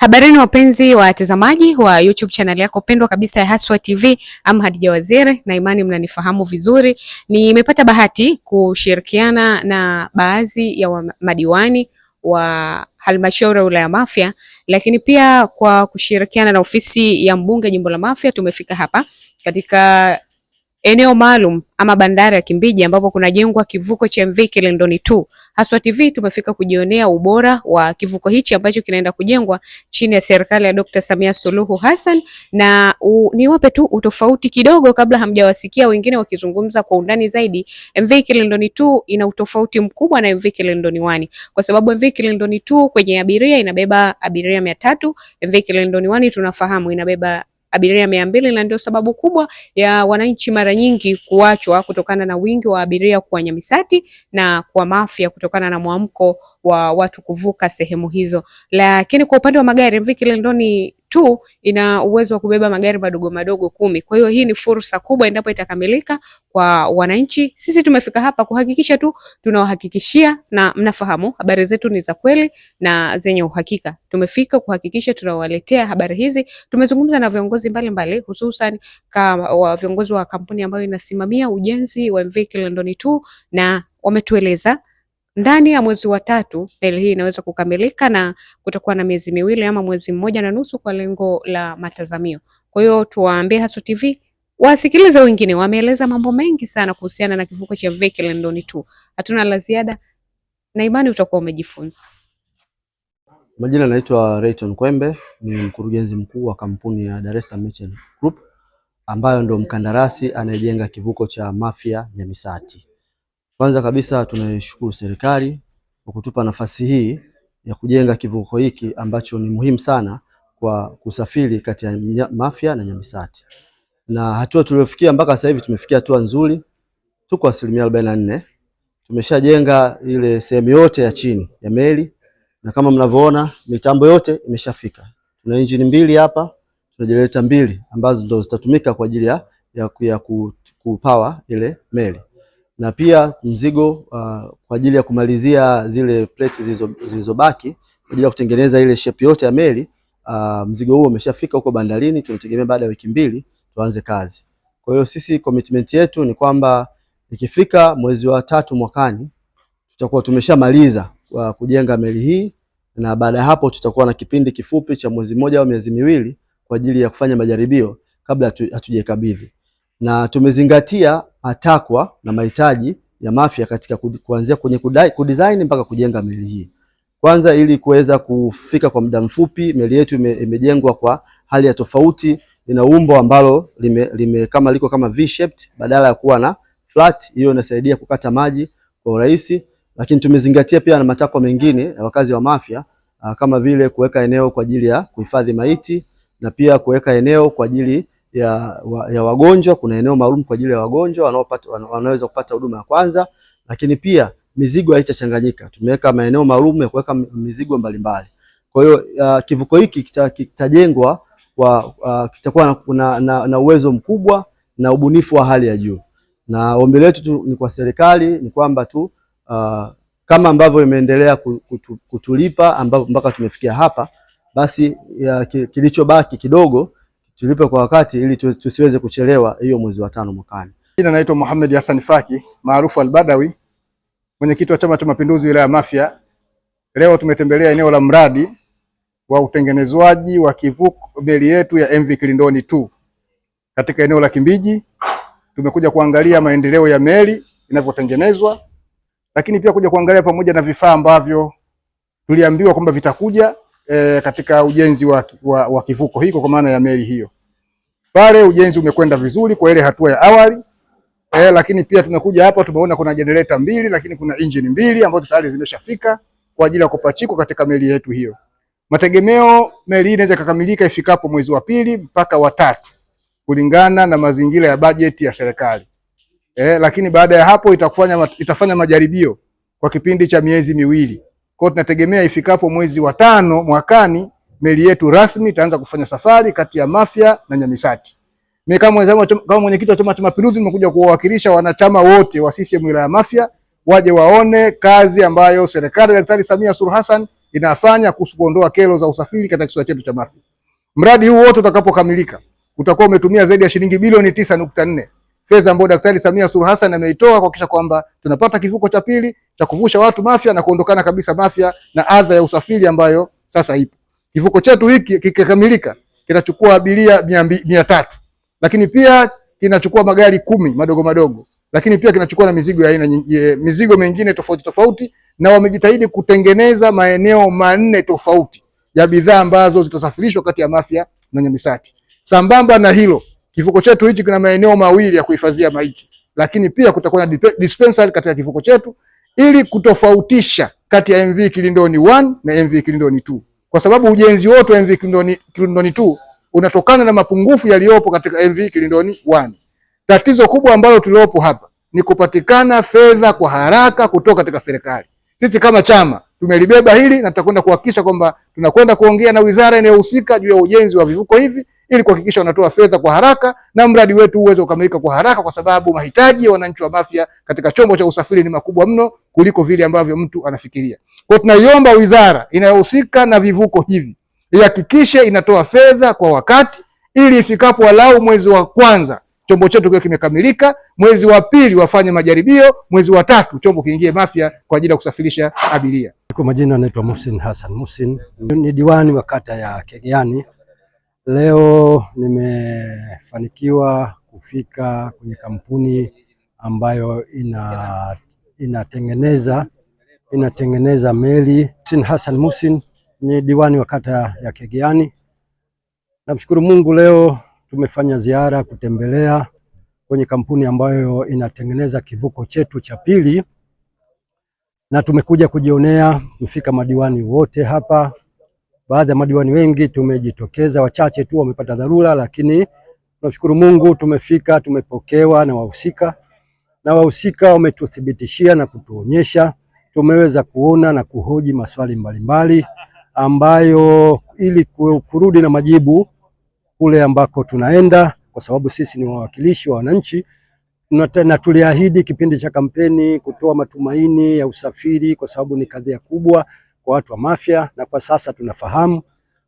Habarini wapenzi wa watazamaji wa YouTube channel yako pendwa kabisa ya Haswa TV. Hadija Waziri, na imani mnanifahamu vizuri. Nimepata bahati kushirikiana na baadhi ya wa madiwani wa halmashauri ya wilaya Mafia, lakini pia kwa kushirikiana na ofisi ya mbunge jimbo la Mafia tumefika hapa katika eneo maalum ama bandari ya Kimbiji ambapo kunajengwa kivuko cha MV Kilindoni 2. Haswa TV tumefika kujionea ubora wa kivuko hichi ambacho kinaenda kujengwa chini ya serikali ya Dr. Samia Suluhu Hassan, na niwape tu utofauti kidogo kabla hamjawasikia wengine wakizungumza kwa undani zaidi. MV Kilindoni 2 ina utofauti mkubwa na MV Kilindoni 1 kwa sababu MV Kilindoni 2 kwenye abiria inabeba abiria 300. tatu. MV Kilindoni 1 tunafahamu inabeba abiria mia mbili na ndio sababu kubwa ya wananchi mara nyingi kuachwa kutokana na wingi wa abiria kuwa Nyamisati na kwa Mafia kutokana na mwamko wa watu kuvuka sehemu hizo. Lakini kwa upande wa magari, MV Kilindoni tu ina uwezo wa kubeba magari madogo madogo kumi. Kwa hiyo hii ni fursa kubwa endapo itakamilika kwa wananchi. Sisi tumefika hapa kuhakikisha tu tunawahakikishia, na mnafahamu habari zetu ni za kweli na zenye uhakika. Tumefika kuhakikisha tunawaletea habari hizi. Tumezungumza na viongozi mbalimbali, hususan viongozi wa kampuni ambayo inasimamia ujenzi wa MV Kilindoni 2 na wametueleza ndani ya mwezi wa tatu meli hii inaweza kukamilika na kutakuwa na miezi miwili ama mwezi mmoja na nusu kwa lengo la matazamio. Kwa hiyo tuwaambie Haso TV wasikilize wengine, wameeleza mambo mengi sana kuhusiana na kivuko cha VK London tu. Hatuna la ziada na imani utakuwa umejifunza. Majina, naitwa Rayton Kwembe, ni mkurugenzi mkuu wa kampuni ya Dar es Salaam Merchant Group ambayo ndo mkandarasi anayejenga kivuko cha Mafia Nyamisati. Kwanza kabisa tunaishukuru serikali kwa kutupa nafasi hii ya kujenga kivuko hiki ambacho ni muhimu sana kwa kusafiri kati ya Mafia na Nyamisati, na hatua tuliyofikia mpaka sasa hivi tumefikia hatua nzuri, tuko asilimia arobaini na nne. Tumeshajenga ile sehemu yote ya chini ya meli na kama mnavyoona mitambo yote imeshafika. Tuna injini mbili hapa, tuna jenereta mbili ambazo ndo zitatumika kwa ajili ya, ya, ya kupawa ile meli na pia mzigo uh, kwa ajili ya kumalizia zile plate zilizobaki kwa ajili ya kutengeneza ile shape yote ya meli. Uh, mzigo huo umeshafika huko bandarini, tunategemea baada ya wiki mbili tuanze kazi. Kwa hiyo sisi commitment yetu ni kwamba ikifika mwezi wa tatu mwakani tutakuwa tumeshamaliza uh, kujenga meli hii, na baada ya hapo tutakuwa na kipindi kifupi cha mwezi mmoja au miezi miwili kwa ajili ya kufanya majaribio kabla hatujaikabidhi, na tumezingatia takwa na mahitaji ya Mafia katika kuanzia kwenye kudai, kudesign mpaka kujenga meli hii. Kwanza, ili kuweza kufika kwa muda mfupi, meli yetu imejengwa kwa hali ya tofauti, ina umbo ambalo lime, lime kama liko kama V shaped badala ya kuwa na flat. Hiyo inasaidia kukata maji kwa urahisi, lakini tumezingatia pia na matakwa mengine ya wakazi wa Mafia ah, kama vile kuweka eneo kwa ajili ya kuhifadhi maiti na pia kuweka eneo kwa ajili ya, wa, ya wagonjwa. Kuna eneo maalum kwa ajili ya wagonjwa wanaopata wanaweza kupata huduma ya kwanza, lakini pia mizigo haitachanganyika. Tumeweka maeneo maalum ya kuweka mizigo mbalimbali. Kwa hiyo uh, kivuko hiki kitajengwa kwa uh, kitakuwa na, na, na uwezo mkubwa na ubunifu wa hali ya juu, na ombi letu ni kwa serikali ni kwamba tu uh, kama ambavyo imeendelea kutulipa ambavyo mpaka tumefikia hapa, basi kilichobaki kidogo tulipe kwa wakati ili tusiweze kuchelewa hiyo mwezi wa tano mwakani. Jina naitwa Muhammad Hassan Faki maarufu Albadawi, mwenyekiti wa Chama cha Mapinduzi wilaya Mafia. Leo tumetembelea eneo la mradi wa utengenezwaji wa kivuko beli yetu ya MV Kilindoni 2 katika eneo la Kimbiji. Tumekuja kuangalia maendeleo ya meli inavyotengenezwa, lakini pia kuja kuangalia pamoja na vifaa ambavyo tuliambiwa kwamba vitakuja e, katika ujenzi wa, wa, wa kivuko hiko kwa maana ya meli hiyo pale ujenzi umekwenda vizuri kwa ile hatua ya awali e, lakini pia tumekuja hapa tumeona kuna jenereta mbili, lakini kuna injini mbili ambazo tayari zimeshafika kwa ajili ya kupachikwa katika meli yetu hiyo. Mategemeo meli hii inaweza kukamilika ifikapo mwezi wa pili mpaka wa tatu kulingana na mazingira ya bajeti ya serikali e, lakini baada ya hapo itakufanya, itafanya majaribio kwa kipindi cha miezi miwili. Kwa hiyo tunategemea ifikapo mwezi wa tano mwakani meli yetu rasmi itaanza kufanya safari kati ya Mafia na Nyamisati. Mimi kama kama mwenyekiti wa Chama cha Mapinduzi nimekuja kuwawakilisha wanachama wote wa CCM wilaya ya Mafia waje waone kazi ambayo serikali ya Daktari Samia Suluhu Hassan inafanya kuhusu kuondoa kero za usafiri katika kisiwa chetu cha Mafia. Mradi huu wote utakapokamilika utakuwa umetumia zaidi ya shilingi bilioni tisa nukta nne fedha ambayo Daktari Samia Suluhu Hassan ameitoa kuhakikisha kwamba tunapata kivuko cha pili cha kuvusha watu Mafia na kuondokana kabisa Mafia na adha ya usafiri ambayo sasa ipo. Kivuko chetu hiki kikikamilika kinachukua abiria mia tatu lakini pia kinachukua magari kumi madogo madogo, lakini pia kinachukua na mizigo ya aina eh, mizigo mingine tofauti tofauti, na wamejitahidi kutengeneza maeneo manne tofauti ya bidhaa ambazo zitasafirishwa kati ya Mafia na Nyamisati. Sambamba na hilo, kivuko chetu hichi kina maeneo mawili ya kuhifadhia maiti, lakini pia kutakuwa na dispensary katika kivuko chetu ili kutofautisha kati ya MV Kilindoni 1 na MV Kilindoni 2 kwa sababu ujenzi wote wa MV Kilindoni, Kilindoni 2 unatokana na mapungufu yaliyopo katika MV Kilindoni 1. Tatizo kubwa ambalo tulilopo hapa ni kupatikana fedha kwa haraka kutoka katika serikali. Sisi kama chama tumelibeba hili na tutakwenda kuhakikisha kwamba tunakwenda kuongea na wizara inayohusika juu ya ujenzi wa vivuko hivi ili kuhakikisha wanatoa fedha kwa haraka na mradi wetu uweze kukamilika kwa haraka, kwa sababu mahitaji ya wananchi wa Mafia katika chombo cha usafiri ni makubwa mno kuliko vile ambavyo mtu anafikiria. Kwa tunaiomba wizara inayohusika na vivuko hivi ihakikishe inatoa fedha kwa wakati, ili ifikapo walau mwezi wa kwanza chombo chetu kiwe kimekamilika, mwezi wa pili wafanye majaribio, mwezi wa tatu chombo kiingie Mafia kwa ajili ya kusafirisha abiria. Kwa majina anaitwa Muhsin Hassan Muhsin, ni diwani wa kata ya Kegeani. Leo nimefanikiwa kufika kwenye kampuni ambayo ina, inatengeneza inatengeneza meli. Sin Hassan Musin ni diwani wa kata ya Kegeani. Namshukuru Mungu leo tumefanya ziara kutembelea kwenye kampuni ambayo inatengeneza kivuko chetu cha pili, na tumekuja kujionea. Mfika madiwani wote hapa, baadhi ya madiwani wengi tumejitokeza, wachache tu wamepata dharura, lakini tunashukuru Mungu tumefika, tumepokewa na wahusika, na wahusika wametuthibitishia na kutuonyesha tumeweza kuona na kuhoji maswali mbalimbali ambayo ili kurudi na majibu kule ambako tunaenda, kwa sababu sisi ni wawakilishi wa wananchi na tuliahidi kipindi cha kampeni kutoa matumaini ya usafiri, kwa sababu ni kadhia kubwa kwa watu wa Mafia, na kwa sasa tunafahamu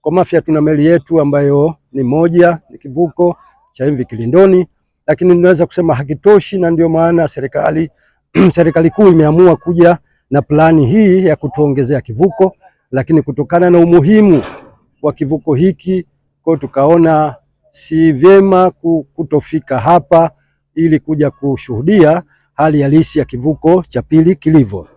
kwa Mafia tuna meli yetu ambayo ni moja, ni kivuko cha MV Kilindoni, lakini tunaweza kusema hakitoshi, na ndio maana serikali serikali kuu imeamua kuja na plani hii ya kutuongezea kivuko, lakini kutokana na umuhimu wa kivuko hiki kwa tukaona si vyema kutofika hapa ili kuja kushuhudia hali halisi ya kivuko cha pili kilivyo.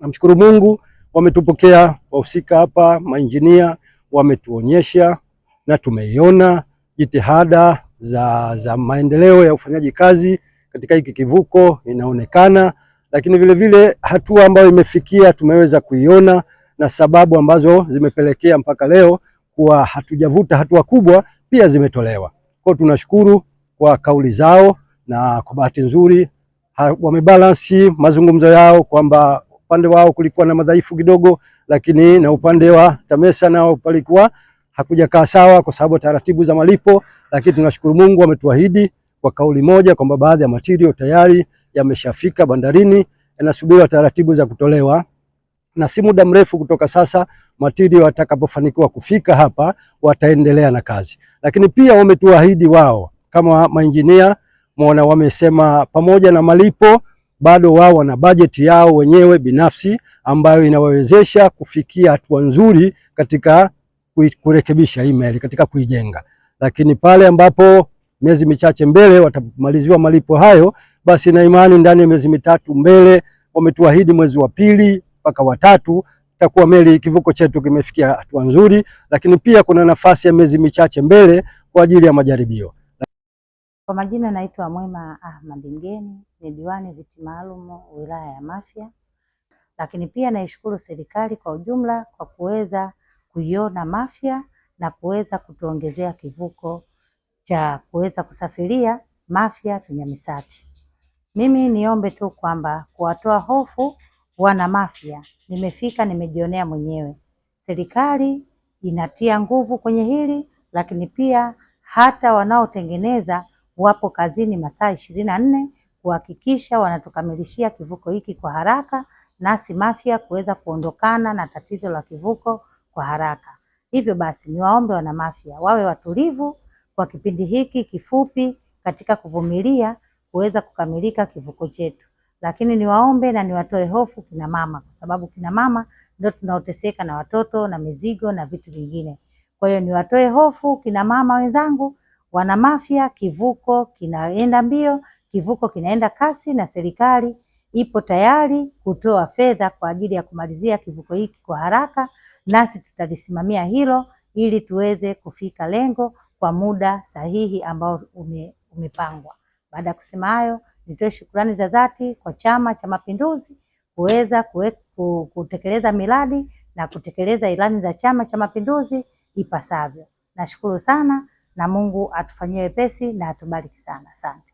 Namshukuru Mungu, wametupokea wahusika hapa, mainjinia wametuonyesha na tumeiona jitihada za, za maendeleo ya ufanyaji kazi katika hiki kivuko inaonekana lakini vile vile hatua ambayo imefikia tumeweza kuiona na sababu ambazo zimepelekea mpaka leo kuwa hatujavuta hatua kubwa pia zimetolewa. Kwa tunashukuru kwa kauli zao, na kwa bahati nzuri wamebalansi mazungumzo yao kwamba upande wao kulikuwa na madhaifu kidogo, lakini na upande wa TAMESA nao palikuwa hakujakaa sawa kwa sababu taratibu za malipo, lakini tunashukuru Mungu ametuahidi kwa kauli moja kwamba baadhi ya matirio tayari yameshafika bandarini, yanasubiri taratibu za kutolewa, na si muda mrefu kutoka sasa matirio watakapofanikiwa kufika hapa wataendelea na kazi. Lakini pia wametuahidi wao kama mainjinia, muona wamesema pamoja na malipo bado wao wana bajeti yao wenyewe binafsi ambayo inawawezesha kufikia hatua nzuri katika kurekebisha hii meli, katika kuijenga. Lakini pale ambapo miezi michache mbele watamaliziwa malipo hayo, basi na imani ndani ya miezi mitatu mbele, wametuahidi mwezi wa pili mpaka watatu itakuwa meli kivuko chetu kimefikia hatua nzuri, lakini pia kuna nafasi ya miezi michache mbele kwa ajili ya majaribio. Kwa majina naitwa Mwema Ahmad Mgeni, ni diwani viti maalum wilaya ya Mafia, lakini pia naishukuru serikali kwa ujumla kwa kuweza kuiona Mafia na kuweza kutuongezea kivuko cha kuweza kusafiria Mafia Tunyamisati. Mimi niombe tu kwamba kuwatoa hofu wana Mafia, nimefika nimejionea mwenyewe. Serikali inatia nguvu kwenye hili, lakini pia hata wanaotengeneza wapo kazini masaa ishirini na nne kuhakikisha wanatukamilishia kivuko hiki kwa haraka, nasi Mafia kuweza kuondokana na tatizo la kivuko kwa haraka. Hivyo basi niwaombe wana Mafia wawe watulivu kwa kipindi hiki kifupi katika kuvumilia kuweza kukamilika kivuko chetu. Lakini niwaombe na niwatoe hofu kina mama, kwa sababu kina mama ndio tunaoteseka na watoto na mizigo na vitu vingine. Kwa hiyo niwatoe hofu kina mama wenzangu, wana Mafia, kivuko kinaenda mbio, kivuko kinaenda kasi, na serikali ipo tayari kutoa fedha kwa ajili ya kumalizia kivuko hiki kwa haraka, nasi tutalisimamia hilo ili tuweze kufika lengo kwa muda sahihi ambao ume, umepangwa. Baada ya kusema hayo, nitoe shukrani za dhati kwa Chama cha Mapinduzi kuweza kutekeleza miradi na kutekeleza ilani za Chama cha Mapinduzi ipasavyo. Nashukuru sana na Mungu atufanyie wepesi na atubariki sana. Asante.